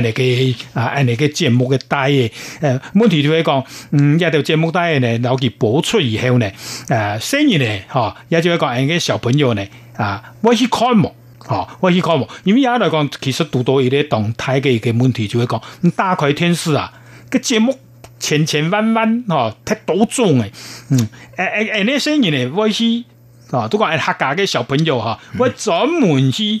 係你個啊，係你嘅節目嘅帶誒，問題就會講，嗯，一條節目帶然後佢播出以後呢，誒，新人咧，吓，亦就會講，個小朋友呢，啊，我去觀摩，啊，我去觀摩，因為而家來講，其實讀到啲動態嘅嘅問題就會講，打開電視啊，個節目千千萬萬，啊，太多種誒，嗯，誒誒誒，啲新人咧，我去，啊，都講係客家嘅小朋友，吓，我專門去。